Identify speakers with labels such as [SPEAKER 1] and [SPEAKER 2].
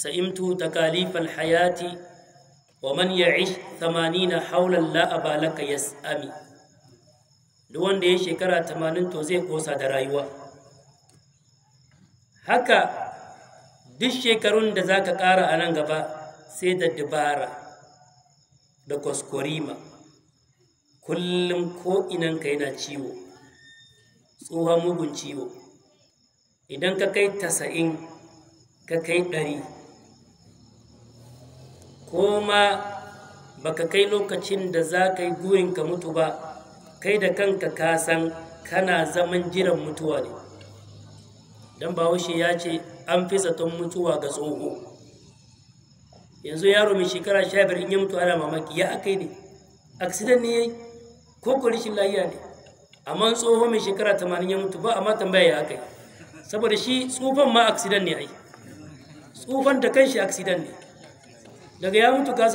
[SPEAKER 1] sa'imtu takalifal hayati wa man ya'ish 80 haulan la abalaka yas'ami duk wanda ya shekara 80 to zai kosa da rayuwa haka duk shekarun da za ka ƙara a nan gaba sai da dubara da kwaskwarima kullum ko'inanka yana ciwo tsohon mugun ciwo idan ka kai tasa'in ka kai ɗari kuma baka kai lokacin da za ka yi guyin ka mutu ba kai da kanka ka san kana zaman jiran mutuwa ne don bahaushe ya ce an fi zaton mutuwa ga tsoho yanzu yaro mai shekara sha biyar in ya mutu ana mamaki ya aka yi ne accident ne ya yi ko ko rashin lahiya ne amma tsoho mai shekara tamanin ya mutu ba amma tambaya ya aka yi saboda shi tsufan ma accident ne ai tsufan da kanshi accident ne daga ya mutu ka